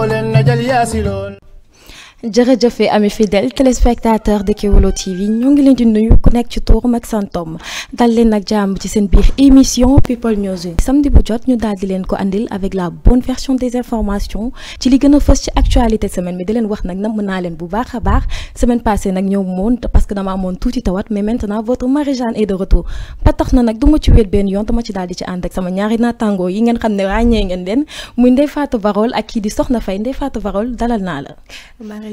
kolin na jali yasilon jërëjëfe ami fidèle téléspectateur de Kewolo TV ñu ngi leen di nuyu ku nekk ci tour ak santom dal leen nak jamm ci seen biir émission People News samedi bu jot ñu dal di leen ko andil avec la bonne version des informations ci li gëna fess ci actualité semaine bi di leen wax nag na mën leen bu baax a baax semaine passée nak ñew moon parce que dama amoon touti tawat mais maintenant votre Marie-Jeanne est de retour ba tax na nag du ma ci wël benn yoon dama ci dal di ci ànd ak sama ñaari na tango yi ngeen xamné ne ràññee ngeen den muy ndey Fatou Varol ak ki di Soxna fay ndey Fatou Varol dalal na la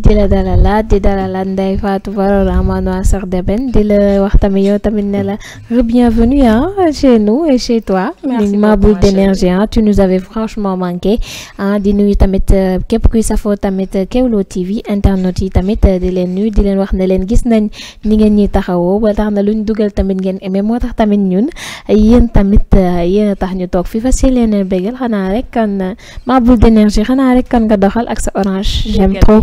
di la dalalaat di dalala nday Fatou Baro ramano Sœur d'Ébène di le wax tamit yow tamit ne la bienvenue hein, chez nous et chez toi. merci ma boule d'énergie hein, tu nous avais franchement manqué hein, di nuy tamit euh, kep kuy safo tamit euh, Kewlo TV internet yi tamit euh, di len nuy di len wax ne len gis nañ ni ngeen ñi taxawoo ba tax na luñ duggal tamit ngeen aimé motax tamit ñun yeen tamit yeen tax ñu tok fi fas yéeneen bégal xana rek kan ma boule d'énergie xana rek kan nga doxal ak sa orange. j'aime trop.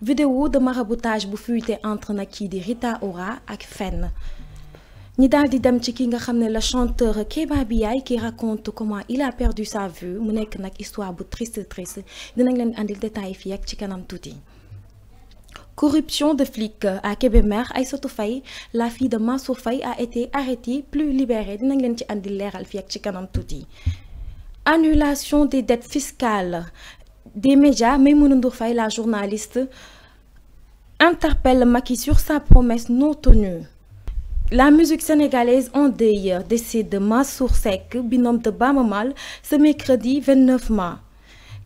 vidéo de maraboutage bu fuité entre Naki Rita Ora ak Fenn Ni dal di dem ci ki nga le chanteur Keba qui raconte comment il a perdu sa vue mu une nak histoire bu triste triste dinañ leen andil détail détails. ak ci kanam touti. Corruption de flics à Kébémer, Faye, la fille de Mansour a été arrêtée, plus libérée. Dinañ avons ci l'air Annulation des dettes fiscales des médias, Maïmouna la journaliste, interpelle Maki sur sa promesse non tenue. La musique sénégalaise en dailleurs décide de Massour sec, binôme de Bamamal, ce mercredi 29 mars.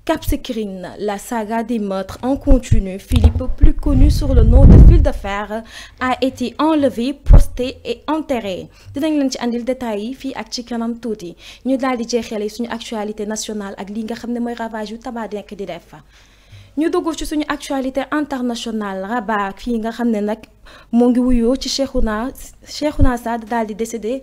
Capsicrine, la saga des meurtres en continu, Philippe, plus connu sur le nom de Fil de Fer, a été enlevé, posté et enterré Nous avons ci andil détails yi fii ak ci kanam tuuti ñu daal actualités nationales suñu actualité nationale ak li nga xam ravage du tabac de di def ñu dugg ci actualité internationale Rabat nga décédé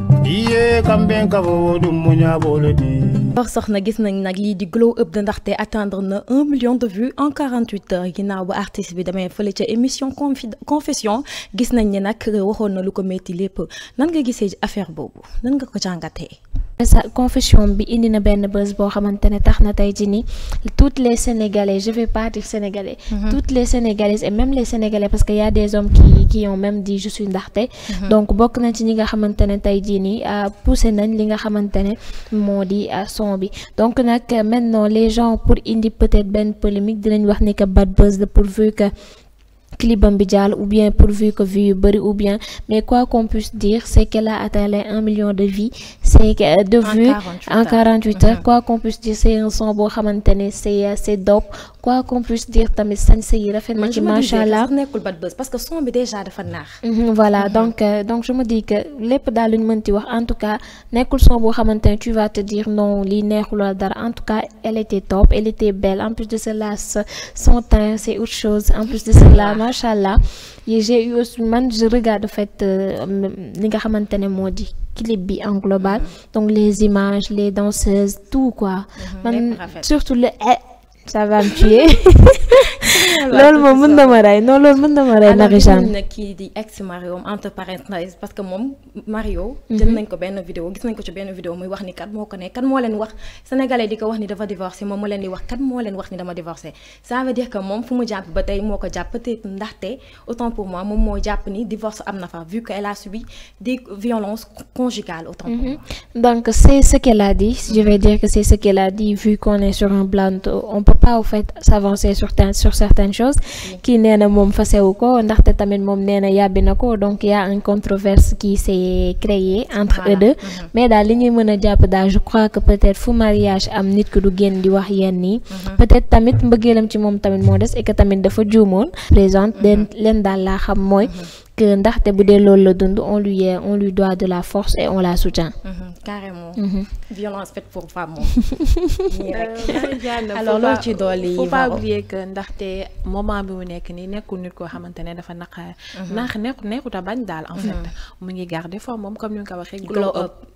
war soxna gis nañ nak li di glow up da ndaxte atteindre na 1 million de vues en 48 heures ginaaw ba artiste bi damay feulé ci émission confession gis nañ ni nak waxon na lu ko métti lépp nan nga gisee affaire bobu nan nga ko jangaté sa confession bi indi na benn bés boo xamante ne tax na toutes les sénégalais je vais pas dire sénégalais mhm. toutes les sénégalaises et même les sénégalais parce que y a des hommes qui qui ont même dit je suis ndaxte mhm. donc bok na ci ñi nga xamante ne tey à euh, poussé nañ li nga xamantene modi euh, son bi donc nak euh, maintenant les gens pour indi peut-être ben polémique dinañ wax ni bad buzz pour pourvu que ou bien pourvu que vu ou bien mais quoi qu'on puisse dire c'est qu'elle a atteint les 1 million de vies c'est euh, de vues en 48 heures mhm. quoi qu'on puisse dire c'est un son beau xamante c'est euh, c'est dope quoi qu'on puisse dire tamit mis ça, c'est il a fait allah nekkul parce que son bi déjà dafa mhm, voilà mhm. donc euh, donc je me dis que les pédales en tout cas Nekul son tu vas te dire non lii la en tout cas elle était top elle était belle en plus de cela son teint c'est autre chose en plus de cela ah macha et j'ai eu aussi man je regarde en fait ni euh, nga xamante modi clip bi en global mm-hmm. donc les images les danseuses tout quoi mm-hmm. surtout le eh, ça va me tuer loolu moom mën na ma rey non loolu mën na ma rey Marie-Jeanne nag kii di ex Mario entre parenthèses parce que moom Mario mhm. jël nañ ko benn vidéo gis nañ ko ci benn vidéo muy wax ni kat moo ko ne kat moo leen wax sénégalais di ko wax ni dafa divorcé moom mu leen di wax kan moo leen wax ni dama divorcé ça veut dire que moom fu mu jàpp ba tey moo ko jàpp peut-être ndaxte autant pour moi moom moo jàpp ni divorce am na fa vu qu'elle a subi des violences conjugales autant pour mhm. moi donc c'est ce qu'elle a dit je vais mhm. dire que c'est ce qu'elle a dit vu qu'on est sur un plateau on peut pas au fait s'avancer sur sur certaines Conscious kii nee na moom fasewu ko ndaxte tamit moom nee na yàbbi na ko donc y a une controverse qui s'est créée entre eux deux mhm. mais daal li ñuy mën a jàpp je crois que peut-être fu mariage am nit ko du génn di wax yenn nii mhm. peut-être tamit mbëggeelam ci mom tamit mo dess et que tamit dafa juumoon présente mhm. len daal la xam mooy que ndaxte boude dee loolu la on lui est on lui doit de la force et on la soutient. Mhm, carrément. Mhm. violence faite pour femme moom. Euh, alors là faut pas oublier que ndaxte moment bi mu nekk nii nekkul nit ko xamante dafa nax mhm. nax nekkut nekkut a bañ en fait mu ngi garder forme moom comme ni nga ko waxee. glow up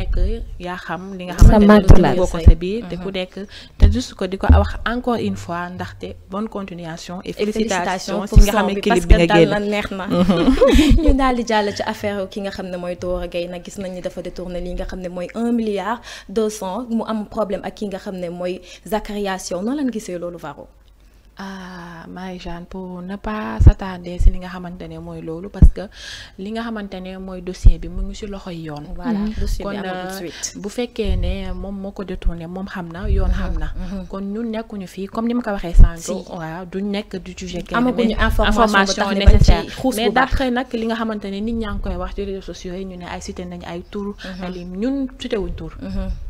nekk yaa xam li nga xamante ne bokk sa bi te ku mm-hmm. nek te juste ko diko wax encore une fois ndaxte bonne continuation et félicitations si nga xamé clip bi nga génn la neex na mm-hmm. ñu dal di jall ci affaire ki nga xamné moy mooy Dora Gaye gis nañ ni dafa détourné li nga xam ne mooy milliard 200 mu am problème ak ki nga xamné moy mooy Zakaria Siow lan gisé lolu varo ah maay Jeanne pour ne pas s'attarder li nga xamante ne mooy loolu parce que li nga xamante ne mooy dossier bi mu ngi si loxoy yoon. voilà dossier bi kon euh, bu fekkee ne moom moo ko détourné moom xam na yoon xam na. Mm-hmm, mm-hmm. kon ñun nekkuñu fii comme ni ma ko waxee sànq. nekk du li nga xamante ne nit ñaa ngi koy wax ci réseaux sociaux yi ñu ne ay cité nañu ay tur. alim mm-hmm. ñun cité wuñ tur.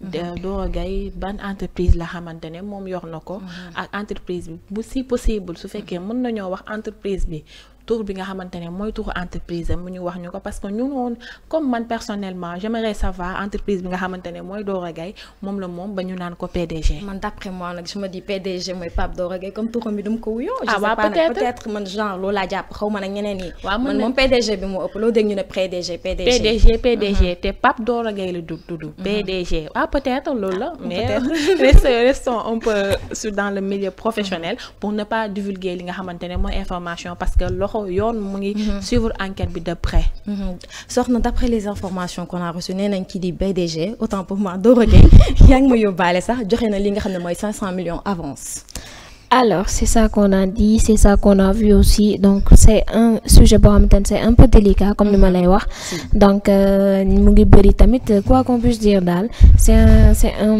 Mhm. Doro Gaye ban entreprise la xamante mom moom yor na mhm. ak entreprise bi si possible su fekke mën nañu wax entreprise bi tour bi nga xamantene moy tour entreprise am mu ñu wax ñuko parce que ñu non comme man personnellement j'aimerais savoir entreprise bi nga xamantene moy mooy Gay mom la mom ba ñu naan ko PDG. man d'après moi nag su ma di PDG moy Pape Doro Gay comme tour bi dum ma ko wuyoo. ah waaw peut-être peut-être man genre Lola laa xawma nak ñeneen yi. man mom PDG bi mo ëpp lo deg ñu ne PDG. PDG PDG mhm. té Pape le Gaye la dudd. Mhm. PDG ah peut-être loolu la. Ah, mais restons un peu sur dans le milieu professionnel mhm. pour ne pas divulguer li nga xamantene moy information parce que loxo loxo l'enquête mhm. suivre enquête de près mhm. d'après les informations qu'on a reçues nee qui kii di BDG autant pour moi d'origine, il y a un moyen sax faire ça. li nga xam ne de millions d'avance alors c'est ça qu'on a dit c'est ça qu'on a vu aussi donc c'est un sujet pour c'est un peu délicat comme le ma mm-hmm. lay wax donc je euh, ngi bëri tamit quoi qu'on puisse dire c'est un c'est un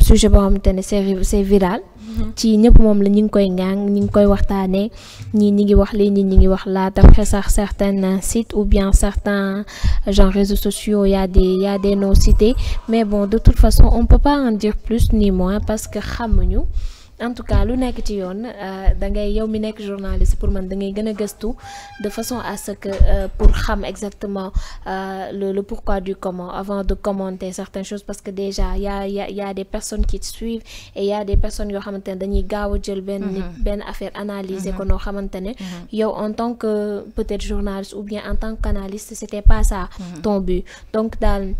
sujet pour c'est viral mm-hmm. ci ñëpp moom la ñu ngi koy ngaang ñu ngi koy waxtaanee ñii ñi ngi wax lii ñii ñi ngi wax laa d'après sax certains sites ou bien certains genre réseaux sociaux y a des y a des noms cités mais bon de toute façon on peut pas en dire plus ni moins parce que xamuñu en tout cas lu nek ci euh da ngay yow mi nek journaliste pour man da ngay gëna gëstu de façon à ce que euh, pour xam exactement euh, le le pourquoi du comment avant de commenter certaines choses parce que déjà il y a y y a des personnes qui te suivent et il y a des personnes yo xamantene dañuy gaaw a ben benn nit mhm. benn affaire analyser ko mhm. no xamantene mhm. yow en tant que peut-être journaliste ou bien en tant qu'analyste c'était pas ça ton but donc dans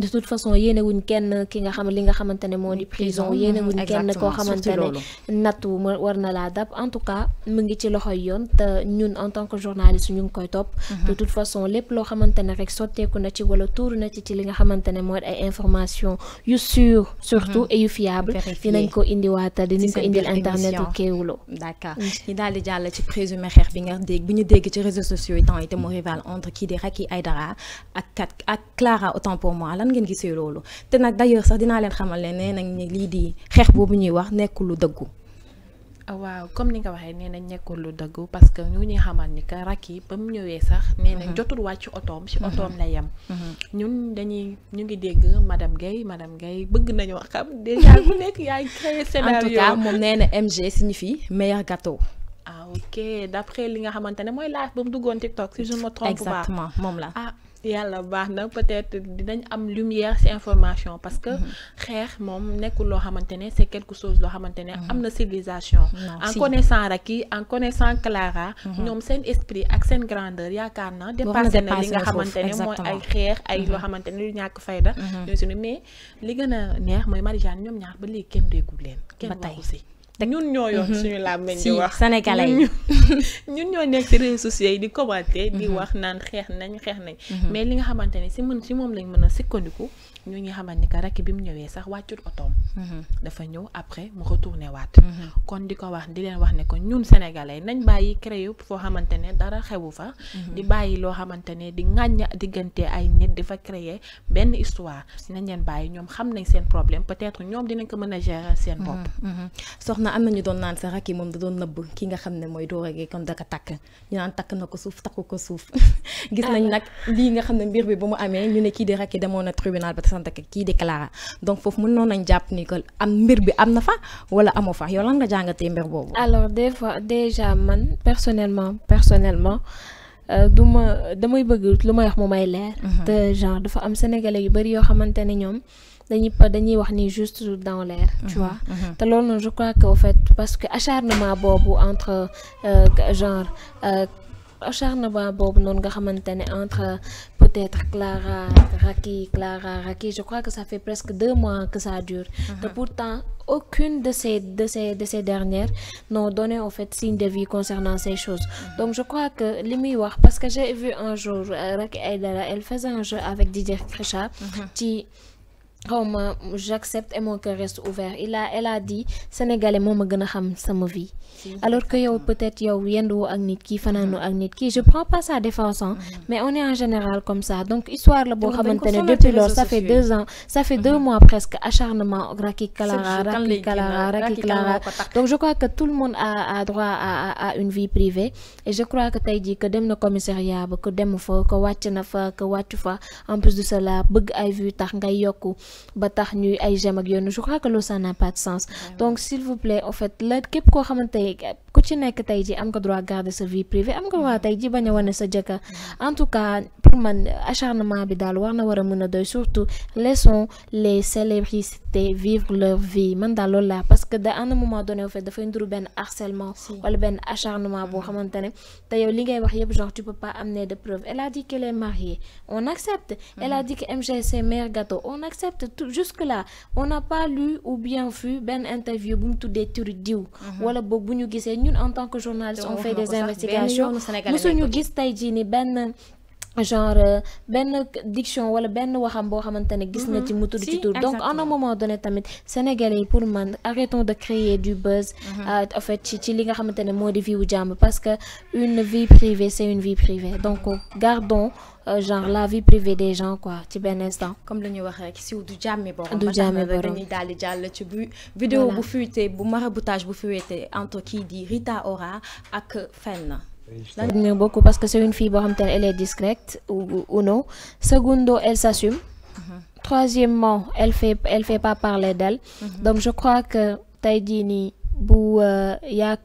de toute façon yéene wuñ kenn ki nga xam li nga xamantene mo di prison yéene wuñ kenn ko xamantene natou nattu war na laa dab en tout cas mu ngi ci loxoy yoon te ñun en tant que journaliste ñu ngi koy top mhm. de toute façon lepp lo xamantene rek sotteeku na ci wala tuuru na ci ci li nga xamantene mo ay information yu sûr surtout mhm. et yu fiable dinañ ko indi indiwaatal dinañ ko indi internet u Kéwoulo d'accord ñi dal di jàll ci présumé xeex bi nga dégg bi ñu dégg ci réseaux sociaux yi temps yi rival entre Kidira Racky Aidara ak ak Clara autant pour moi nan ngeen gisee loolu te nag d'ailleurs sax dinaa leen xamal ne nee nañ ne lii di xeex boobu ñuy wax nekkul dëggu. waaw comme ni nga waxee nee nañ nekkul lu dëgg parce que ñu ñuy xamal ni que rak ba mu ñëwee sax. nee nañ mhm. jotul wàcc otoom si mhm. otoom la yem. Mhm. ñun dañuy ñu ngi dégg madame Guèye madame Guèye bëgg nañoo xam dèjà ku nekk yaa ngi créé scénario. en tout cas moom nee na MG signifie meilleur gâteau. ah ok d' li nga xamante ne mooy live ba mu duggoon TikTok si je me trompe exactement moom la ah, yàlla baax na peut-être dinañ am lumière ci information parce que mhm. xeex moom nekkul loo xamante ne c'est quelque chose loo xamante ne am na mhm. civilisation en connaissant Raki en connaissant Clara mhm. ñoom seen esprit ak seen grandeur yaakaar na dépassé na li nga xamante ne mooy ay xeex ay loo xamante ne lu ñàkk fayda ñoy sunu mais li gën a neex mooy Marie-Jeanne ñoom ñaar ba léegi kenn déggul leen kenn waxu ñun ñoo yor mhm. suñu làmmiñ di wax sénégalais ñun ñoo nekk ci réseaux sociaux yi di commenter di mhm. wax naan xeex nañ xeex nañ mhm. mais li nga xamante ne si si moom lañ mën a sikkandiku ñu ñu xamal ni que rakk bi mu ñëwee sax wàccul otoom. Mhm. dafa ñëw après mu retourné waat. Mhm. kon di ko wax di leen wax ne ko ñun sénégalais nañ bàyyi créé foo xamante dara xewu fa. Mhm. di bàyyi loo xamante di a na ñu doon naan sax rakk yi moom da doon nëbb ki nga xam ne mooy Doro Gaye kon daka takk ñu naan takk na ko suuf takku ko suuf gis nañ ah. nag lii nga xam ne mbir bi ba mu amee ñu ne kii di rakk yi demoon tribunal ba sant ak donc pour nous nañ jàpp ni que am mbir bi am na fa wala amo fa yow lan nga jangate mbir bobu alors des fois déjà man personnellement personnellement. euh, me damay bëgg lu ma wax mo may leer. Mhm. te genre dafa am sénégalais yu bari yo xamantene ñom de dañuy dañuy wax ni juste dans l'air. tu mhm. vois mhm. te loolu je crois que au fait parce que acharnement bobu entre euh, genre. Euh, nga entre peut-être Clara Clara je crois que ça fait presque deux mois que ça dure uh-huh. pourtant aucune de ces de ces de ces dernières n'ont donné en fait signe de vie concernant ces choses uh-huh. donc je crois que les miroirs, parce que j'ai vu un jour euh, elle faisait un jeu avec Didier Crécha uh-huh. qui xawma j'accepte et mon cœur reste ouvert il a elle a dit sénégalais également mon xam vie alors que peut-être yow yendo ak nit ki un ak nit ki je prends pas sa défense mhm. mais on est en général comme ça donc histoire depuis lors ça fait deux ans ça fait deux mhm. mois presque acharnement donc je crois que tout le monde a droit à une vie privée et je crois que as dit que dem commissariat dem fa que tu na fa que en plus de cela je crois que ça n'a pas de sens donc s'il vous plaît en fait it. ku ci nekk tey ji am nga droit garder sa vie privée am nga droit tey ji bañ a wane sa en tout cas pour man acharnement bi daal war na war a mën doy surtout laissons les célébrités vivre leur vie man daal loolu parce que da moment donné au fait dafay nduru benn harcèlement wala benn acharnement boo mm. xamante ne te yow li ngay wax yëpp genre tu peux pas amener de preuves elle a dit qu'elle est mariée on accepte elle a mm. dit que MGC mère gâteau on accepte tout jusque là on n'a pas lu ou bien vu ben interview bu mu tuddee turi diw mm-hmm. wala boog bu ñu gisee nous en tant que journalistes on fait des investigations nous sommes tey jii ni ben genre ben diction wala ben waxam bo xamante ne gis na mhm. ci ci tour donc en un moment donné tamit sénégalais pour man arrêtons de créer du buzz mhm. euh, en fait ci ci li nga xamante modi vie ou jàmm parce que une vie privée c'est une vie privée donc gardons euh, genre la vie privée des gens quoi ci ben instant. comme le ñuy wax rek du jamais bon du jamais bon. dañuy daal di jàll ci bu. vidéo bu fuité bu maraboutage bu fuité entre qui dit Rita Ora ak fen. J'aime beaucoup parce que c'est une fille, elle est discrète ou, ou non. Secondo, elle s'assume. Mhm. Troisièmement, elle fait, elle fait pas parler d'elle. Mhm. Donc je crois que Taïdini, bu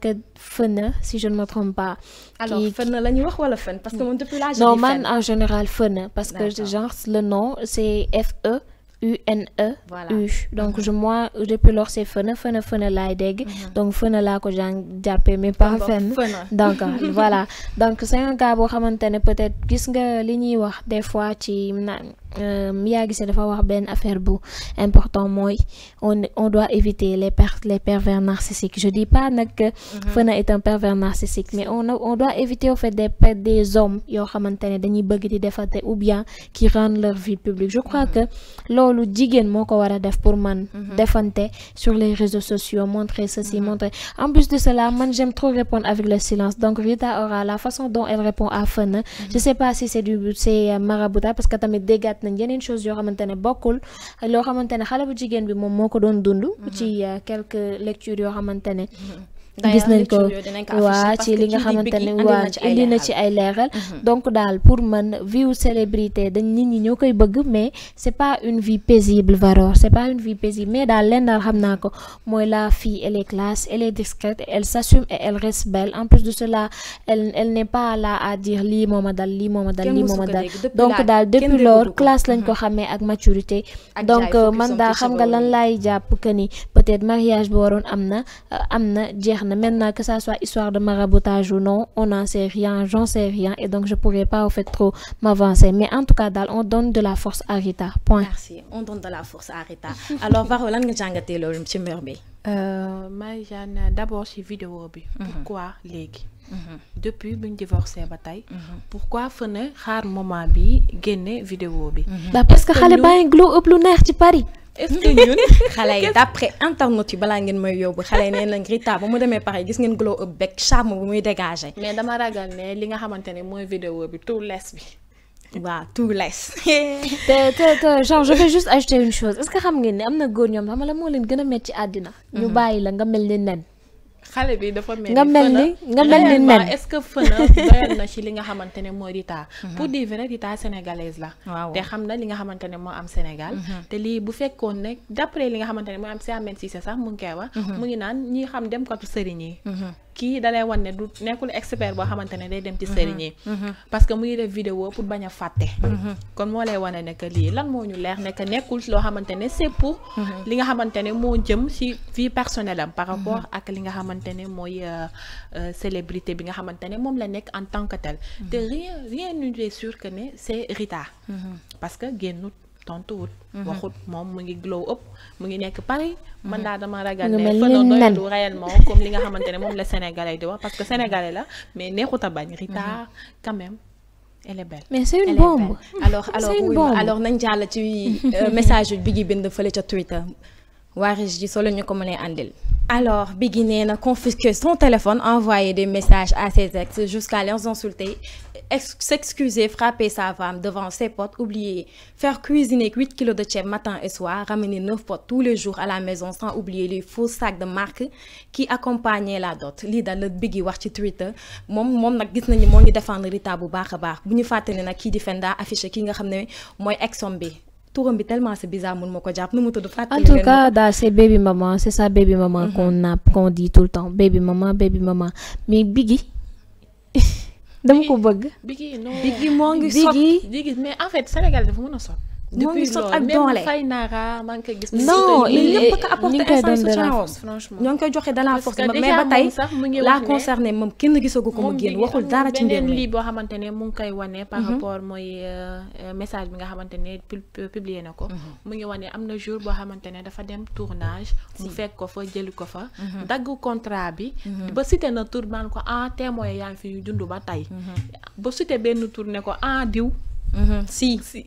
que euh, Fëna si je ne me trompe pas. alors Fëna la ñuy wax wala Fën parce que mon depuis l'âge non man en général Fëna parce que genre le nom c'est F E. U-N-E. u donc je moi depuis lors c'est fëna fëna fëna laay dégg. Mhm. donc fëna là, que j'ai jàppee mais pas fenn. donc euh, voilà donc c'est un cas où, xamante peut-être gis nga li des fois ci na euh, a gisee dafa wax y affaire bu important mooy on on doit éviter les les pervers narcissiques je dis pas que mhm. fëna est un pervers narcissique mais on on doit éviter au fait des des hommes yoo xamante des dañuy bëgg di defante ou bien qui rendent leur vie publique je crois mhm. que lors loolu jigéen moko wara def pour man mhm. defante sur les réseaux sociaux montrer ceci mhm. montrer en plus de cela man j'aime trop répondre avec le silence donc Rita aura la façon dont elle répond à Fun hein. mhm. je sais pas si c'est du c'est euh, marabouta parce que tamit déggaat nañ yeneen chose yo xamante bokul lo loo xala bu jigéen bi mom moko don doon dund ci euh, quelques lectures yo xamante gis nañ ko ci li nga ci ay mhm. donc daal pour man vie célébrité dañ nit ñi ñoo bëgg mais c'est pas une vie paisible Varor c'est pas une vie paisible mais daal ko la fille elle est classe elle est discrète elle s'assume et elle reste belle en plus de cela elle elle n'est pas là à dire lii moo ma dal lii moo ma dal lii moo ma dal donc depuis lors classe lañ ko mhm. xamee ak maturité donc euh, man daal xam nga lan laay que ni peut-être mariage bi waroon am na euh, am maintenant que ça soit histoire de maraboutage ou non on n'en sait rien j'en sais rien et donc je pourrais pas au fait trop m'avancer mais en tout cas Dal, on donne de la force à Rita point. merci on donne de la force à Rita alors Varo lan nga jangate loolu ci mur bi. Euh, euh, d'abord ci vidéo bi. Mhm. pourquoi légui mhm. depuis que divorcé bataille. Pourquoi mhm. pourquoi fëna xaar moment bi génne vidéo bi. Bah, parce que xalé baa ngi glow up lu neex ci Paris est-ce que ñun xale yi d'après internet yi bala ngeen may yóbbu xalé yi nee nañ Rita ba mu demee Paris gis ngeen glow up beeg charme bu muy dégager mais dama ragal né li nga xamante moy vidéo bi tout less bi. wa tout less te te te genre je vais juste acheter une chose est-ce que xam ngeen ne am na góor xam la mo leen gëna metti métti mm-hmm. ñu bàyyi la nga mel ni nen. xale bi dafa mel ni nga mel ni nga mel ni nen est-ce que fëna doyal na ci li nga xamante ne mooy Rita mhm. pour dire vrai Rita sénégalaise la te xam na li nga xamante ne moo am Sénégal mhm. te lii bu fekkoon ne d'après li nga xamante ne mooy am Ahmed Cissé sax mu ngi koy wax mhm. mu ngi naan ñi xam dem katu sëriñ yi kii dalay wan ne du nekkul expert boo xamante ne day dem ci mhm. sëriñ yi mhm. parce que mu ngi def vidéo pour bañ a fàtte mhm. kon moo lay wane ne lii lan moo ñu leer ne que nekkul loo xamante ne c'est pour li nga xamante moo jëm ci vie personnelle par rapport ak li nga xamante ne mooy euh, euh, célébrité bi nga xamante ne moom la nekk en tant que tel te rien rien n'est sûr que ne c'est Rita parce que génnut tontuwut mhm. waxut moom mu ngi glow up mu ngi nekk pareil mhm. man daa dama ragal ne fëna doylu réellement comme li nga xamante ne moom la sénégalais di wax parce que sénégalais la mais neexut a bañ mhm. Rita quand même elle est belle mais c'est une bombe alors alors alors nañ jàll ci euh, message bi gi bind fële ca Twitter waaris ji solo ñu ko mënee àndil alors bi gi nee na confisquer son téléphone envoyer des messages à ses ex jusqu'à les insulter s'excuser, frapper sa femme devant ses potes, oublier, faire cuisiner 8 kilos de chèvre matin et soir, ramener 9 potes tous les jours à la maison sans oublier les faux sacs de marque qui accompagnaient la dot. Lida notre Biggie Biggi wax ci Twitter Mom, mom, na gis défendre Rita bu a ki nga exom bi tellement c'est bizarre ma en tout cas c'est baby maman c'est baby maman mhm. qu'on qu'on dit tout le temps baby maman baby maman mais Biggie, dama ko bëgg. bi non Biggi moo ngi sot Biggi mais en fait Sénégal dafa mën a sot. depuis loolu ak doole maa ngi koy gis. non ñëpp ko apporté essence su ñoo ngi koy joxe de la force mais ba tey la concerné moom kenn gisagu ko mu génn waxul dara ci mbir lii boo xamante ne mu ngi koy wane. par mhm. rapport mooy euh, euh, message bi nga xamante ne euh, publié na ko. Mhm. mu ngi wax ne am na jour boo xamante ne dafa dem tournage. mu fekk ko fa jëli ko fa. Mhm. dagg contrat bi. ba cité na tour man ko ah témoin yaa ngi fi dund ba tey. ba cité benn tour ne ko ah diw. si si.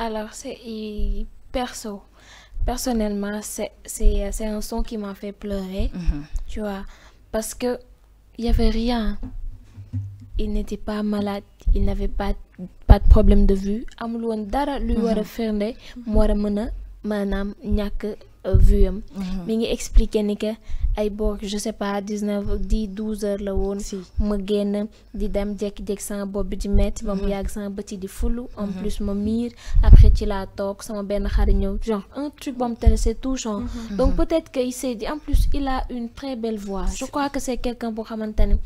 Alors, c'est perso. Personnellement, c'est un son qui m'a fait pleurer, mhm. tu vois, parce que il n'y avait rien. Il n'était pas malade, il n'avait pas, pas de problème de vue. Euh, vue mhm. que ay ne je sais pas 19 neuf dix douze heures la si ma guen di dem djek djek sama bobu di metti bam mhm. di en mhm. plus ma après la tok sama ben genre un truc bam c'est donc peut-être que il s'est dit en plus il a une très belle voix je crois que c'est quelqu'un pour xamantani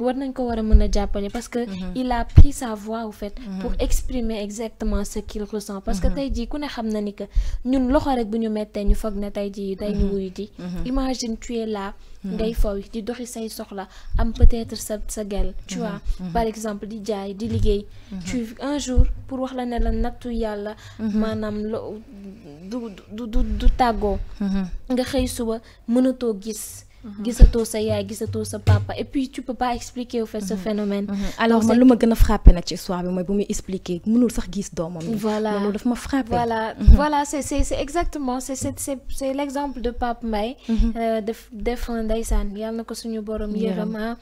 war ko war a parce que mhm. il a pris sa voix au fait mhm. pour exprimer exactement ce qu'il ressent parce que mhm. tey jii ku ne xam ni que ñun loxo rek bu ñu mettee ñu fogg ne tey jii tey ñu imagine tu es là ngay faw di doxi say soxla am peut-être sa sa gel tu vois par exemple di jaay di liggéey tu un jour pour wax la ne la nattu yalla manam du du du du nga xey suba to gis Mhm. gisatoo sa yaay gisatoo sa papa et puis tu peux pas expliquer au fait ce mhm. phénomène. Mhm. alors man lu ma gën a frappé nag ci soir bi mooy bu muy expliquer mënul sax gis doomam. voilà loolu daf ma frappé. voilà voilà c' est c' est exactement c' est c' est c' est l' exemple de Pape Mbaye. Euh, def def ndeysaan yal na ko suñu borom yërëm ah.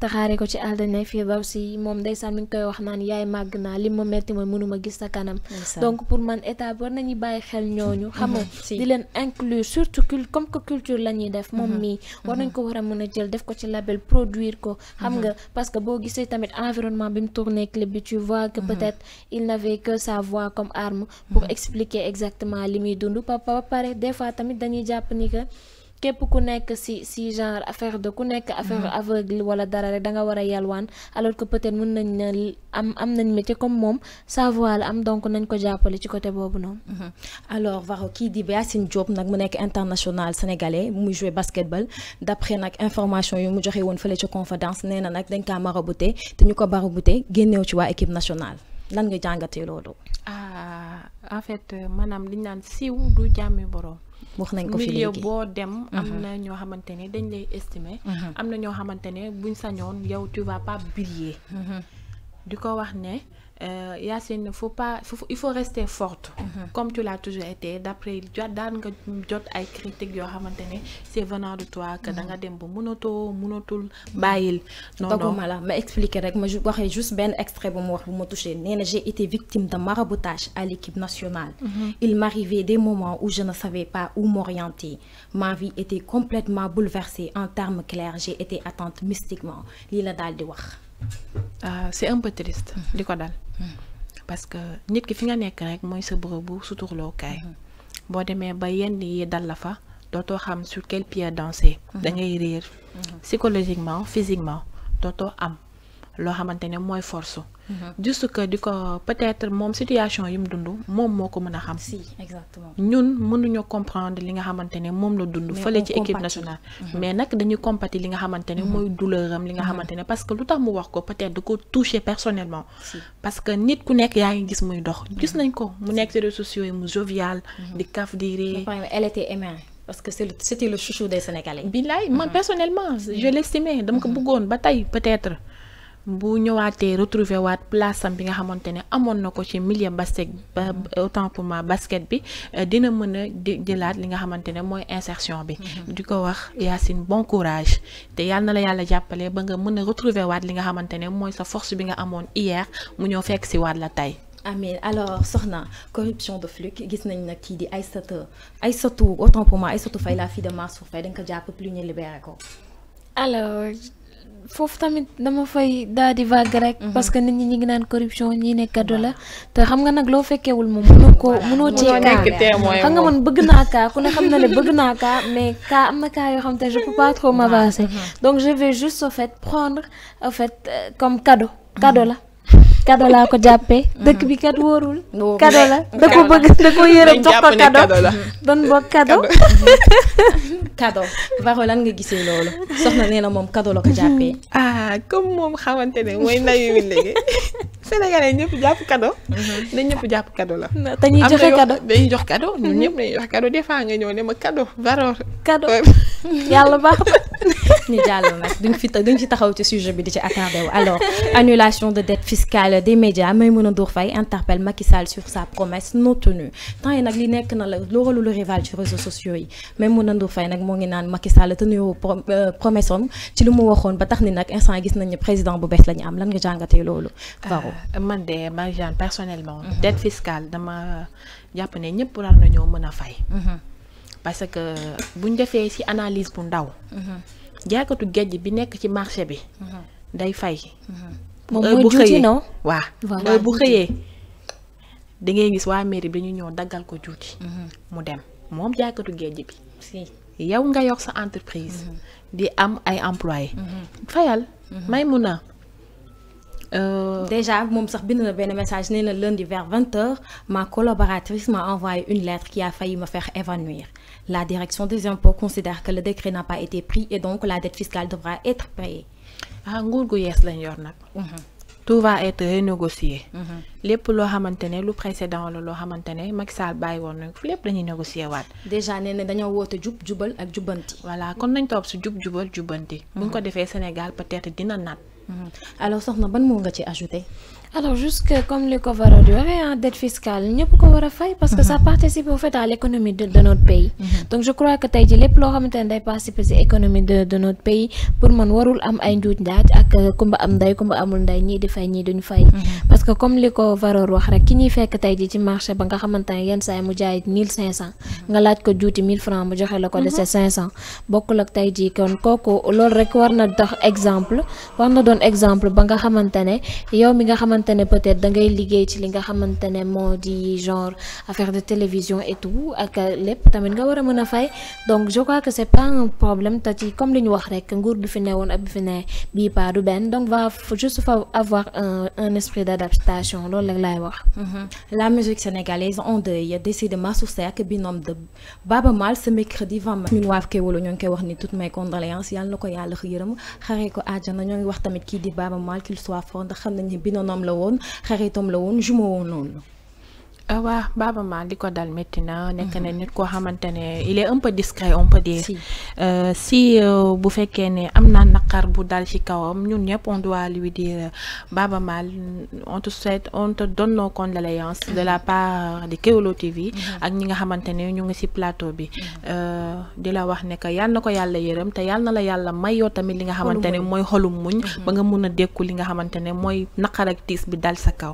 taxaare ko ci àldane fii daw si moom ndeysaan mi ngi koy wax naan yaay màgg naa li ma metti mooy mënuma gis sa kanam. donc pour man état war nañu bàyyi xel ñooñu. xam nga di leen inclure surtout comme que culture la ñuy def moom mii war nañ mhm. ko war a mën a def ko ci label produire ko xam mhm. nga parce que boo gisee tamit environnement bi mu tourné bi tu vois que mhm. peut-être il n'avait que sa voix comme arme pour expliquer exactement li muy dund papa ba pare des fois tamit dañuy jàpp ni que ku si si genre affaire de ku affaire mm-hmm. aveugle alors que peut-être mën nañ am métier comme moom savoir am donc nañ ko jàppale ci côté non mm-hmm. alors Varo kii di un Diop nag mu international sénégalais mu joué basketball d'après nag information yu mu joxe woon fële ca confidence nee na dañ ci équipe nationale lan nga jàngatee loolu. ah en fait euh, maanaam liñ naan siiw du jàmmi borom. wax nañ ko fi boo dem. am mhm. na ñoo xamante ne dañ lay estimer. Mhm. am na ñoo xamante ne buñ sañoon yow tu vas pas briller. Mhm. di ko wax ne. Euh, Yacine, faut pas, faut, il faut rester forte, mhm. comme tu l'as toujours été. D'après, tu as critiques que tu as critiqué, c'est venant de toi que dans des monoto, monoto, que Non, non. Mala, mais expliquer, je vais juste un extrait pour me toucher. J'ai été victime d'un maraboutage à l'équipe nationale. Mhm. Il m'arrivait des moments où je ne savais pas où m'orienter. Ma vie était complètement bouleversée en termes clairs. J'ai été atteinte mystiquement. que je veux dire. Ah, c'est un peu triste mm-hmm. li ko dal mm-hmm. parce que nit ki fi nga nek rek moy sa bërëbu kay mm-hmm. bo demee ba yenn yi dal la fa doto xam sur quel pied danser da ngay rire psychologiquement physiquement doto am loo xamante ne mooy force mhm. juste que diko peut-être mom situation yim mu dund moom moo ko xam si exactement ñun ñu comprendre li nga xamante mom la dund feulé ci équipe nationale mhm. mais nak dañuy compatir li nga xamante ne mhm. mooy douleur am li nga xamante ne parce que lutax mu wax ko peut-être da ko touché personnellement parce que nit ku nek yaay ngi gis muy dox gis nañ ko mu nek ci réseaux sociaux mu jovial di kaf di ree elle était aimée parce que c'était le chouchou des Sénégalais. Bilaay man personnellement je l'estimais dama ko bëggoon ba tey peut-être bu retrouver la place am bi nga xamante amon nako ci basket autant pour ma basket bi euh, dina mëna li nga moy insertion bi mm-hmm. wax bon courage té je la yalla jappalé ba nga mëna a retrouver li nga moy sa force bi nga amone hier mu ñëw fekk ci waat la tay Amin alors soxna corruption de flux gis nañ nag di autant pour moi la fille de faire. Donc, plus alors foofu tamit dama fay daal di vague rek. Mhm. parce que nit ñi ñu ngi naan corruption ñi ne kado la. te xam nga nag loo fekkeewul moom mënoo ko mënoo cee kaa xam nga man bëgg naa kaa ku ne xam na ne bëgg naa kaa mais kaa am na kaa yoo xam te je peux pas trop m'avancer mhm. donc je vais juste au fait prendre au fait euh, comme cadeau cadeau mhm. la. kado laa ko jàppee. dëkk bi kat wóorul. kado la da ko bëgg da ko yërëm jox ko kado. doon boog kado. kado Varro lan nga gisee loolu soxna nee na moom kado a ko jàppee. ah comme moom xamante ne mooy nayu léegi. Sénégalais ñëpp japp cadeau. Mhm. nañ ñëpp japp cadeau la. te ñuy joxe cadeau dañuy jox cadeau. ñun mhm. ñëpp dañuy jox cadeau des fois nga ñëw né ma cadeau valeur. cadeau yalla baax ñu jàll nak duñ fi duñ ci taxaw ci sujet bi di ci attendé wu alors annulation de dette fiscale des médias Maïmouna Ndour Faye interpelle Macky Sall sur sa promesse non tenue temps nak li nekk na la loolu le rival ci réseaux sociaux yi Maïmouna Ndour Faye nak mo ngi naan Macky Sall te nuyoo euh, promesse ci lu mu waxone ba tax ni nak instant gis nañ président bu bees la am lan nga jàngatee loolu. waaw man de Marjane personnellement. Mhm. dette fiscale dama jàpp ne ñëpp na nañoo mën a fay. Mhm. parce que buñ defee ci analyse bu ndaw. Mhm. jàkkatu gejj bi nekk ci marché bi. day fay. moom mooy juuti waa bu xëyee dangay gis waa mairie bi ñu ñëw daggal ko juuti. mu dem moom jàkkatu gejj bi. yow nga yor sa entreprise. di am ay employés. fayal may mun a. Euh, déjà moom sax bind na message lundi vers 20h ma collaboratrice m'a envoyé une lettre qui a failli me faire évanouir la direction des impôts considère que le décret n'a pas été pris et donc la dette fiscale devra être payée. ah lañ yor mhm. tout va être renégocié. Mhm. Les loo xamante le lu précédent la loo xamante ne Macky Sall bàyyi woon nous avons dañuy négocier de déjà et de dañoo woote jub jubal ak jubbanti. voilà kon nañ topp si jub jubal jubbanti. buñ ko Sénégal peut-être dina année alors ça, a ban va nga ci ajouter alors juste comme le ko du avait un dette fiscale ñëpp ko war a fay parce que ça mhm. participe au fait à l'économie de, de notre pays mhm. donc je crois que tey ji lépp loo xamante day participer économie de de notre pays pour man warul am ay njuuj ndaaj ak euh, kumba am nday kumba amul nday ñii di fay ñii fay mhm. parce que comme le ko Varro wax rek ki ñuy fekk tey ji ci marché ba nga xamante ne yenn saay mu jaay 1500 cinq nga laaj ko francs mu joxe la de 500 cinq cent bokkul ak tey ji kon kooku loolu rek tax exemple war na exemple ba nga xamante ne yow mi nga xamante peut-être da ngay liggéey ci li nga xamante ne moo di genre affaire de télévision et tout ak lépp tamit nga war a mën a fay donc je crois que c'est pas un problème te ci comme li ñu wax rek nguur du fi newoon ak bi fi ne bii pas du benn donc va juste fa avoir un un esprit d'adaptation loolu rek laay wax. Mhm. la musique sénégalaise en deuil décès de Mansour Seck binôme de Baba Mal ce mercredi 20 mars. ñun waaf Kéwoulo ñoo ngi koy wax ni toutes mes condoléances yàlla na ko yàlla yërëm xaree ko àjjana ñoo ngi wax tamit kii di Baba Mal qu'il soit fort ndax xam nañ ni binôme la. Je vous remercie. Euh, waa Baaba Maal di ko dal métti na nekk na mhm. nit koo xamante ne il est un peu discret on peut dire si euh, euh, bu fekkee ne am na naqar bu dal ci kawam ñun ñëpp on doit lui dire Baaba Maal on te souhaite on te donne nos condoléances de la part de Kéwoulo TV mhm. ak ñi nga xamante ne ñu ngi ci plateau bi mhm. di la wax ne que yal na ko yàlla yërëm te yal na la yàlla may yoo tamit li nga xamante ne mooy xolum muñ ba nga mun a dékku li nga xamante ne mooy naqar ak tiis bi dal sa kaw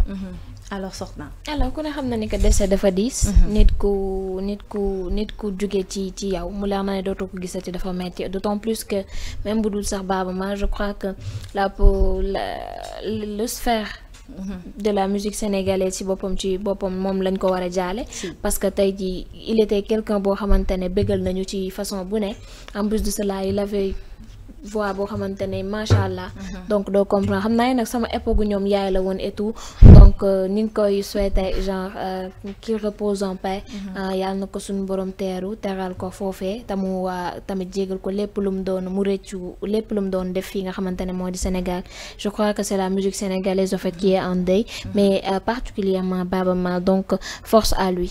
alors sortant alors ko ne xam ni que décès dafa diis. Mhm. nit ku nit ku nit ku jóge ci ci yaw mu leer na doto ko gisati dafa metti d'autant plus que même bu sax baba ma je crois que la pour le sphère. Mhm. de la musique sénégalaise ci boppam ci boppam mom lañ ko wara jalé parce que tay ji il était quelqu'un bo xamante ne bégal nañu ci façon bu né en plus de cela il avait voix bo xamantene ne macha allah. Mhm. donc do comprendre xam nak sama époque gu yaay la won et tout donc euh, ni ngi koy souhaiter genre euh, qu'il repose en paix. Mhm. Euh, yàlla na ko sun borom teeru teral ko fofé tamu mu tamit jégal ko lépp lu doon mu rëccu lépp lu doon def fi nga xamantene modi Sénégal je crois que c'est la musique sénégalaise en fait qui est en deuil mhm. mais particulièrement Baba Maal donc force à lui.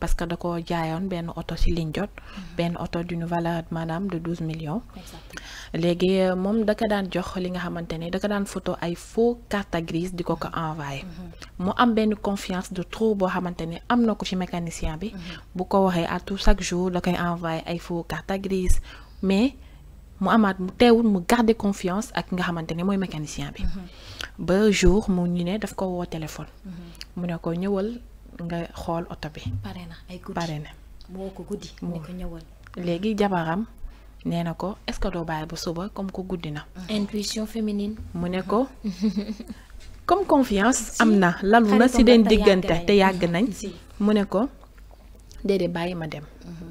parce que da ko ben auto ci liñ jot mhm. d'une valeur de 12 millions euh, da jox li nga da photo ay faux carte grise diko ko envoyer mhm. am confiance de trop bo xamantene ci mécanicien mhm. à chaque jour carte grise mais mu mu garder confiance ak nga mécanicien bi jour téléphone mu ko nga xool oto bi. pare na ay guddi na. woo ko guddi. mu ko léegi jabaram nee na ko est-ce que doo ba suba comme ko guddi na. Mm. intuition mu ne ko. comme confiance am na lalu na si den diggante te yàgg nañ. mu ne ko déedéet bàyyi ma dem. Mm-hmm.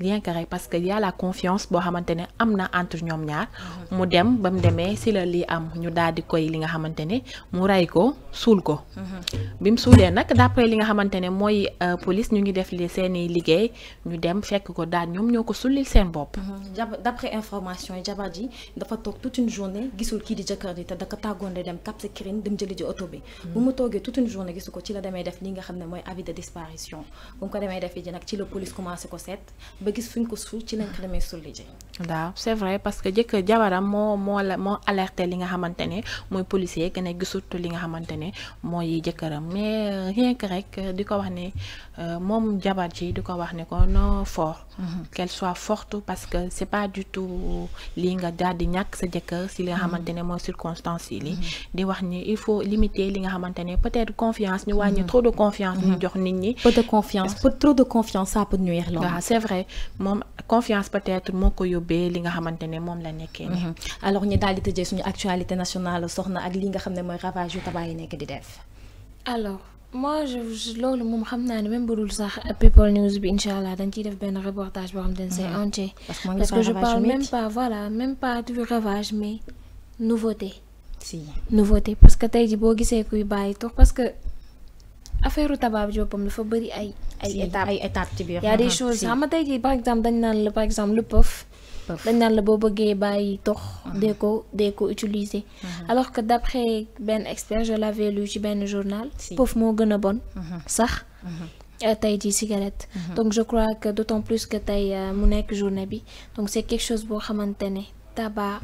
rien que parce que y a la confiance bo xamantene amna entre ñom ñaar mm-hmm. mu dem bam démé si la lii am ñu daal di koy li nga xamantene mu ray ko sul ko mm-hmm. bi sulé nak d'après li nga xamantene moy euh, police ñu ngi def li seeni liggéey ñu dem fekk ko daal ñom ñoko sulil sen bop mm-hmm. d'après information yi jabar ji dafa tok toute une journée gisul ki di jëkkër di ta da tàggoon de dem Cap Skirring dem jëli ji auto bi bu mu togué toute une journée gisuko ci la démé def li nga xam moy avis de disparition bu ko démé def ji nak ci le police commencé ko seet ba gis fuñ ko suul ci lañ ko demee sulli ji c'est vrai parce que jëkkër jabaram moo moo la moo alerté li nga xamante ne policier que ne gisut li nga xamante ne mooy jëkkëram mais euh, rien que rek euh, di ko wax ne euh, moom jabar ji di ko wax ne ko non fort mhm. qu'elle soit forte parce que c'est pas du tout li nga daal di ñàkk sa jëkkër si li nga xamante ne mooy circonstance yi li mhm. di wax ni il faut limiter li nga xamante ne peut-être confiance ñu wàññi mhm. trop de confiance ñu jox nit ñi peu de confiance trop de confiance ça peut nuire loolu c'est vrai mom confiance peut-être moko yobé li nga xamante mom la nekkee ne mhm. alors ñi daldi di suñu actualité nationale soxna ak li nga xamné moy ravage yu tabac yi nekk di def alors moi je loolu le xam naa même burul sax people news bi inshallah dañ ci def ben reportage bo xam ne c'est mhm. entier parce que je parle même pas voilà même pas du ravage mais nouveauté si nouveauté parce que tay ji bo gisé kuy bàyyi tox parce que affaire tabac jopam boppam dafa bari ay ay étape ay étape ci biir. y a des ah, choses xam nga tey jii par exemple dañ naan la par exemple le puff. dañ naan la boo bëggee bàyyi tox ah. dee ko dee ko utiliser. Mhm. alors que d'après benn expert je l'avais lu ci benn journal. puff moo gën a bon. Mhm. sax. Mhm. Euh, tey jii cigarette. donc je crois que d'autant plus que tey euh, mu nekk journée bi donc c'est quelque chose boo xamante ne tabac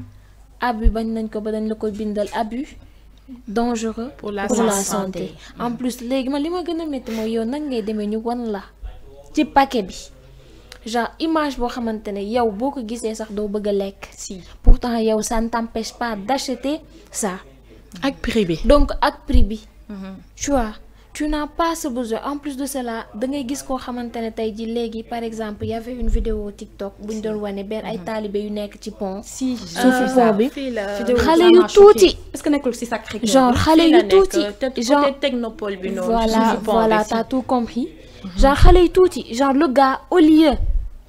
abus bañ nañ ko ba dañ la ko bindal abus dangereux pour la pour la santé en plus les man li ma gën a métti mooy yow nan ngay demee ñu wan la ci paquet bi genre image boo xamante ne yow a beaucoup gisee sax doo bëgg a lekk. si pourtant yow ça ne t'empêche pas d'acheter ça. ak privé. donc ak privé. Mhm. tu vois tu n'as pas ce besoin en plus de cela da ngay gis koo xamante ne tey ji léegi par exemple il y avait une vidéo TikTok bu ñu doon wane benn ay mhm. taalibe yu nekk ci pont. si euh, suufu pont bi xale yu tuuti. est que nekkul si sacré genre xale yu tuuti genre technopole bi noonu. voilà voilà t'as tout compris. Mhm. genre xale yu tuuti genre le gars au lieu.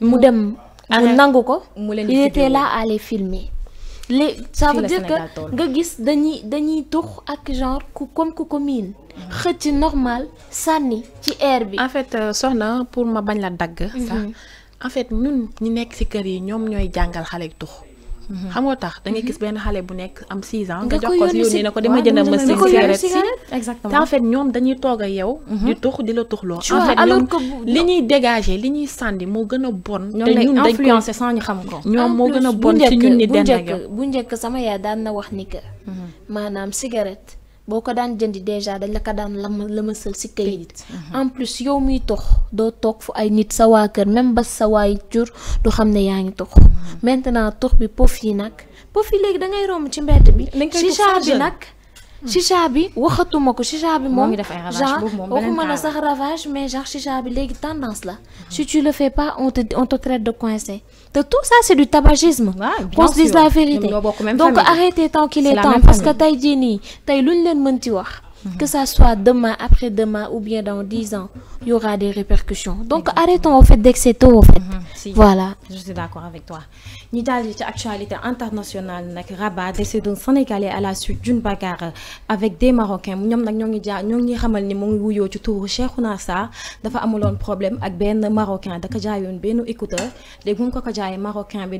mu dem mu nangu ko. il était là à les filmer. les ça veut nga gis dañuy dañuy tux ak genre ku comme ku ko mhm. xëcc normal sànni ci air bi. en fait euh, soxna pour ma bañ la dagg. sax mhm. en fait ñun ñi nekk ci kër yi ñoom ñooy jàngal xale yi tux Mm-hmm. xam nga tax da ngay gis mm-hmm. benn xale bu nekk am 6 ans. nga jox ko yónnee na ko dama jënd ma seen cigarette si. exactement te en ñoom dañuy toog a yow. Mm-hmm. di tux di la tuxloo. en li ñuy dégager li ñuy sànni moo gën a bon. te ñun dañ influencé sans ñu xam ko. ñoom moo gën a bon ci ñun ni den ak yow bu njëkk sama yaay daan na wax ni que. maanaam cigarette. boo ko daan jëndi déjà dañ la ko daan lama lëmasal si kayit mhm. en plus yow muy tox doo toog fu ay nit sa waa kër même ba sa waay jur du xam ne yaa ngi tox mhm. maintenant tox bi pof yi nag pof yi léegi da ngay romb ci mbedd bi chicha bi nag chicha bi waxatuma ko chicha bi moom genre waxuma la sax ravage mais genre chicha bi léegi tendance la si tu le fais pas on te on te traite de coincé te tout ça c'est du tabagisme qu'on se dise la vérité donc arrêtez tant qu'il est temps parce que tey jii nii tey lu ñu leen mën ci wax que ça soit demain, après-demain ou bien dans 10 ans, il y aura des répercussions. Donc Exactement. arrêtons au fait d'excès tôt, au fait. Mm-hmm. Voilà. Je suis d'accord avec toi. Nous avons une actualité internationale avec Rabat décès un Sénégalais à la suite d'une bagarre avec des Marocains Nous avons ñoo ngi jaa ñoo ngi xamal ni mu ngi wuyoo ci dit Cheikhouna nous dafa amuloon problème ak des Marocain da ko jaayoon benn écouteur léegi mu ko ko jaayee Marocain bi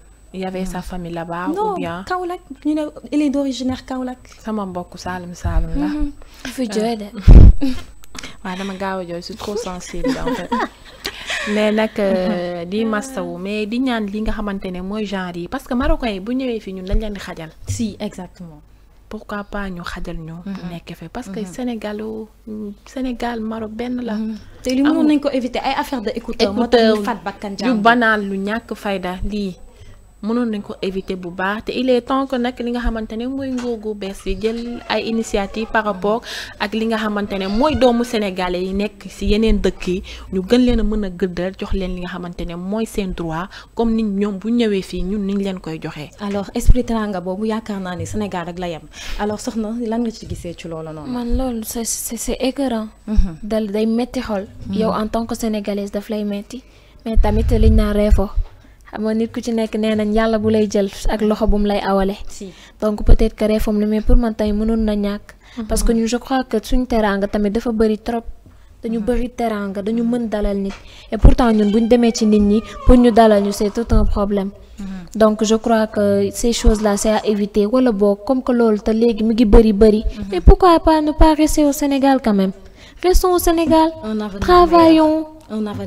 Il y avait sa ah. famille là-bas ou bien Kaolak, il est d'origine Kaolak. Ça m'a beaucoup salm salm là. Feu mhm. Dieu. Ouais, dama gaaw jooy c'est trop sensible en fait. mais nak euh, mhm. di mastawu mais di ñaan li nga xamantene moy genre yi parce que Marocain bu ñëwee fi ñun dañ leen di xajal. si exactement. pourquoi pas ñu xajal ñu. Mhm. nekk fe parce que Sénégal Sénégal Maroc ben la. te li mënoon nañ ko éviter ay affaire de écouteur. moo tax fat bakkan jàmm yu banal lu ñak fayda li mënoon nañ ko éviter bu baax te il est temps que nak li nga xamante moy mooy nguur gu yi jël ay initiative par rapport ak li nga xamante moy doomu sénégalais yi nekk ci yenen dëkk yi ñu gën leen mëna gëddal jox leen li nga xamante moy sen droit comme ni ñom bu ñëwé fii ñun niñ leen koy joxé alors esprit tranga boobu yaakaar naa ni Sénégal rek la yam alors soxna lan nga ci gisee ci loolu non man lool c'est c'est écœurant. Mhm. dal day metti xol. Mhm. yow en tant que sénégalaise daf lay metti mais tamit liñ naa réfo ama nit ku ci nekk nee nañ yàlla bu lay jël ak loxo bu mu lay awale donc peut être que réforme la mais pour man tey mënoon na ñàkk mhm. parce que ñu je crois que suñ teraanga tamit dafa bëri trop dañu mhm. bëri teraanga dañu mën dalal nit et pourtant ñun buñ ñu demee ci nit ñi pour ñu dalal ñu c'est tout un problème mhm. donc je crois que ces choses là c'est à éviter wala boog comme que loolu te léegi mi ngi bëri bëri mais pourquoi pas ne pas rester au Sénégal quand même restons au Sénégal travaillons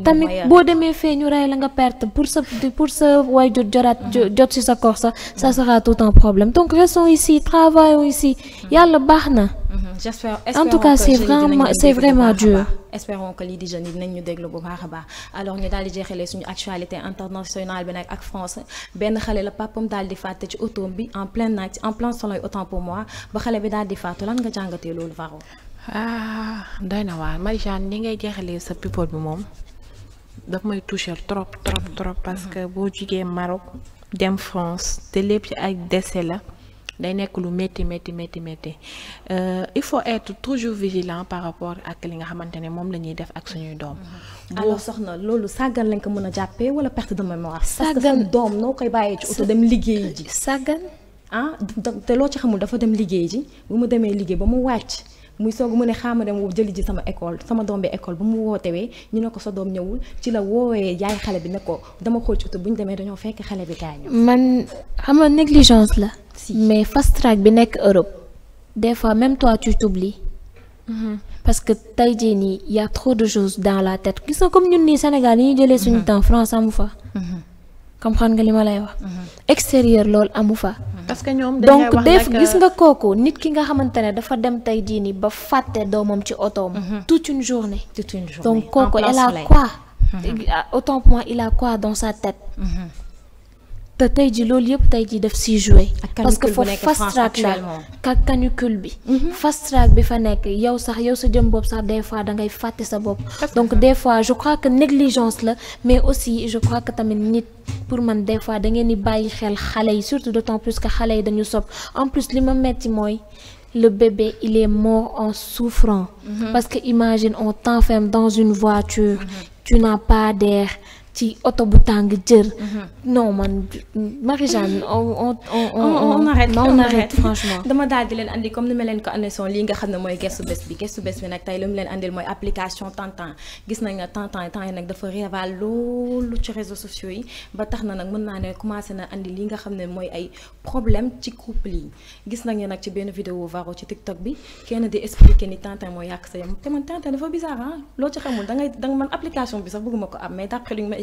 tamit boo demee fee ñu rey la nga perte pour sa pour sa waay jot joraat jot si sa koor sax ça sera tout un problème donc restons ici travaillons ici yàlla baax na mhm. j'espère en tout cas c'est vraiment c'est vraiment dur espérons que lii di jeunes yi dinañ ñu déglu bu baax a baax alors ñu daal di jeexalee suñu actualité internationale bi nag ak France benn xale la papam daal di fàtte ci autom bi en plein night en plein soleil autant pour moi ba xale bi daal di faatu lan nga jàngatee loolu Varro ah doy na waar Marie-Jeanne ni ngay jeexalee sa people bi mom daf may toucher trop trop trop parce que bo jugee Maroc dem France te lépp ci ay décès la day nek lu metti metti metti metti euh il faut être toujours vigilant par rapport ak li nga xamantene mom lañuy def ak suñuy doom. Mm-hmm. alors soxna lolu sàggan lañ ko mëna jappé wala perte de mémoire. parce que sa doom noo koy bàyyee ci auto dem liggéeyi ji. sàggan ah te lo ci xamul dafa dem liggéey ji bu mu demee liggéey ba mu wàcc muy soog mu ne xaama dem jëli ji sama école sama doom bi école bu mu wootewee ñu ne ko sa doom ñëwul ci la woowee yaay xale bi ne ko dama xool ci oto bu ñu demee dañoo fekk xale bi gaañu. man xam nga négligence la. si mais fast track bi nekk Europe. des fois même toi tu t'oublies. Mm-hmm. parce que tey jii nii y a trop de choses dans la tête gis nga comme ñun nii Sénégal yi ñuy jëlee suñu mm-hmm. temps France amu fa. Mm-hmm comprendre nga li ma lay wax. Mhm. extérieur lol amu mhm. parce que ñom dañ donc def gis euh, nga kooku nit ki nga xamantene dafa dem tay di ni ba faté domom ci otoom. Mhm. toute une journée. toute une journée donc Coco, elle a quoi. autant pour moi il a quoi dans sa tête te tey ji loolu yëpp tey ji def si jouer, parce que faut fast track la ka canicule bi mhm. fast track bi fa nek yow sax yow sa jëm bop sax des fois da ngay fàtte sa donc des fois je crois que négligence la mais aussi je crois que tamit nit pour man des fois da ngay ni bàyyi xel xalé yi surtout d'autant plus que xalé yi dañu sop en plus li ma metti moy le bébé il est mort en souffrant mhm. parce que imagine on t'enferme dans une voiture mhm. tu n'as pas d'air ci oto bu tàng jër. Mhm. non man Marie-Jeanne on on on on arrête on arrête franchement. dama daal di leen andi comme ni ma leen ko andee son lii nga xam ne mooy gëstu bés bi gëstu bés bi nag tey lu mu leen andil mooy application Tantan gis nañ ne Tantan temps yi nag dafa réeval loolu ci réseaux sociaux yi ba tax na nag mën naa ne commencé na andi li nga xam ne ay problème ci couple yi gis nañ ne nag ci benn vidéo varo ci TikTok bi kenn di expliquer ni Tantan moo yàq sa yam te man Tantan dafa bizarre ah loo ci xamul da ngay da man application bi sax bëgguma ko am mais d'après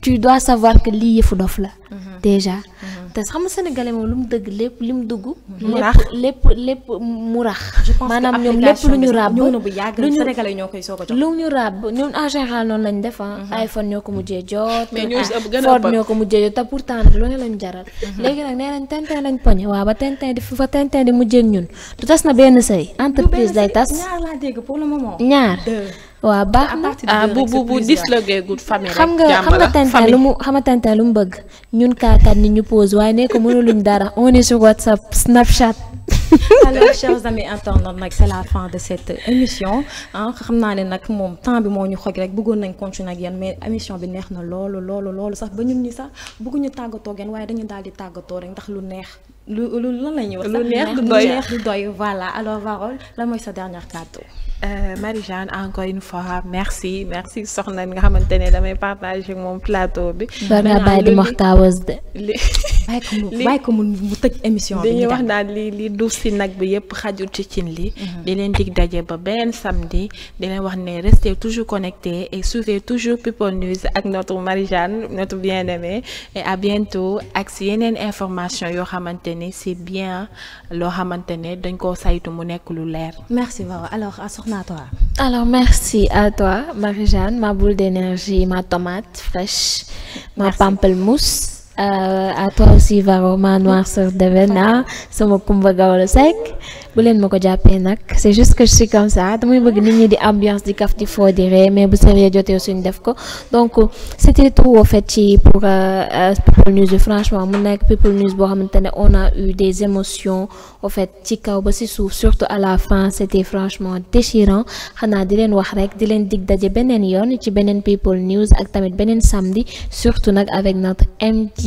tu dois savoir que li yëfu dof la. Mhm. déjà mhm. te xam nga sénégalais mom lu mu dëgg lépp li dugg. murax lepp lepp murax manam ñom lepp ñoom lépp lu ñu ràbb. ñëw bu yàgg rek sénégalais ñoo koy jox. lu ñu ràbb ñun en général noonu lañ def ah. Mhm. iPhone ñoko mujjé jot. mais ñoo Ford ñoo ko mujjee jot te pourtant lu ne lañ jaral. légui nak nee nañ lañ poñe wa ba Tintin di fi fa Tintin di mujjé ñun tu tass na benn sey entreprise day tass ñaar laa dégg pour le moment ñaar waaw baax na ah, bu bu bu dislogé good famille xam nga xam nga tanta lu mu xam nga tanta lu mu bëgg ñun kaakat ni ñu pose waaye ne ko mënuluñ dara on est sur WhatsApp Snapchat. alors chers amis internautes nag c'est la fin de cette émission ah xam naa ne nag moom temps bi moo ñu xoj rek bëggoon nañ continuer ak yéen mais émission bi neex na loolu loolu loolu sax ba ñun ñi sax bëgguñu tàggatoo ak yéen waaye dañu daal di tàggatoo rek ndax lu neex lu lu lan la wax. lu neex du doy voilà alors Varol lan mooy sa dernière carte euh, Marie-Jeanne encore une fois merci merci soxna nga xamante ne damay partager moom plateau bi. maanaam bàyyi di waxtaawas de. li li bàyyi ko mu tëj émission bi. dañuy wax naan li li duuf si nag bi yëpp xajul ci cin li. Mhm. di leen dig daje ba beneen samedi di leen wax ne restez toujours connecté et suivez toujours People News ak notre Marie-Jeanne notre bien aimé et à bientôt ak si information yoo xamante ne c'est bien loo xamante ne dañ koo saytu mu nekk lu leer. merci beaucoup alors toi. Alors, merci à toi, Marie-Jeanne, ma boule d'énergie, ma tomate fraîche, ma pamplemousse. Euh, à toi aussi Varoma ma noire sœur de Vena sama Kumba Gawlo Seck bu len mako jappé nak c'est juste que je suis comme ça damay bëgg nit ñi di ambiance di kaf di foo di ré mais bu sérieux jotee suñu def ko donc c'était tout au fait ci pour euh, euh, People News franchement mu nek People News bo xamantene on a eu des émotions au fait ci kaw ba ci suuf surtout à la fin c'était franchement déchirant xana di len wax rek di len dig dajé benen yoon ci benen People News ak tamit benen samedi surtout nak avec notre M.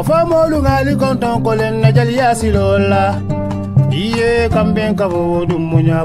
afamo lungali konton kolen na jali yasilola iye kamben kabo munya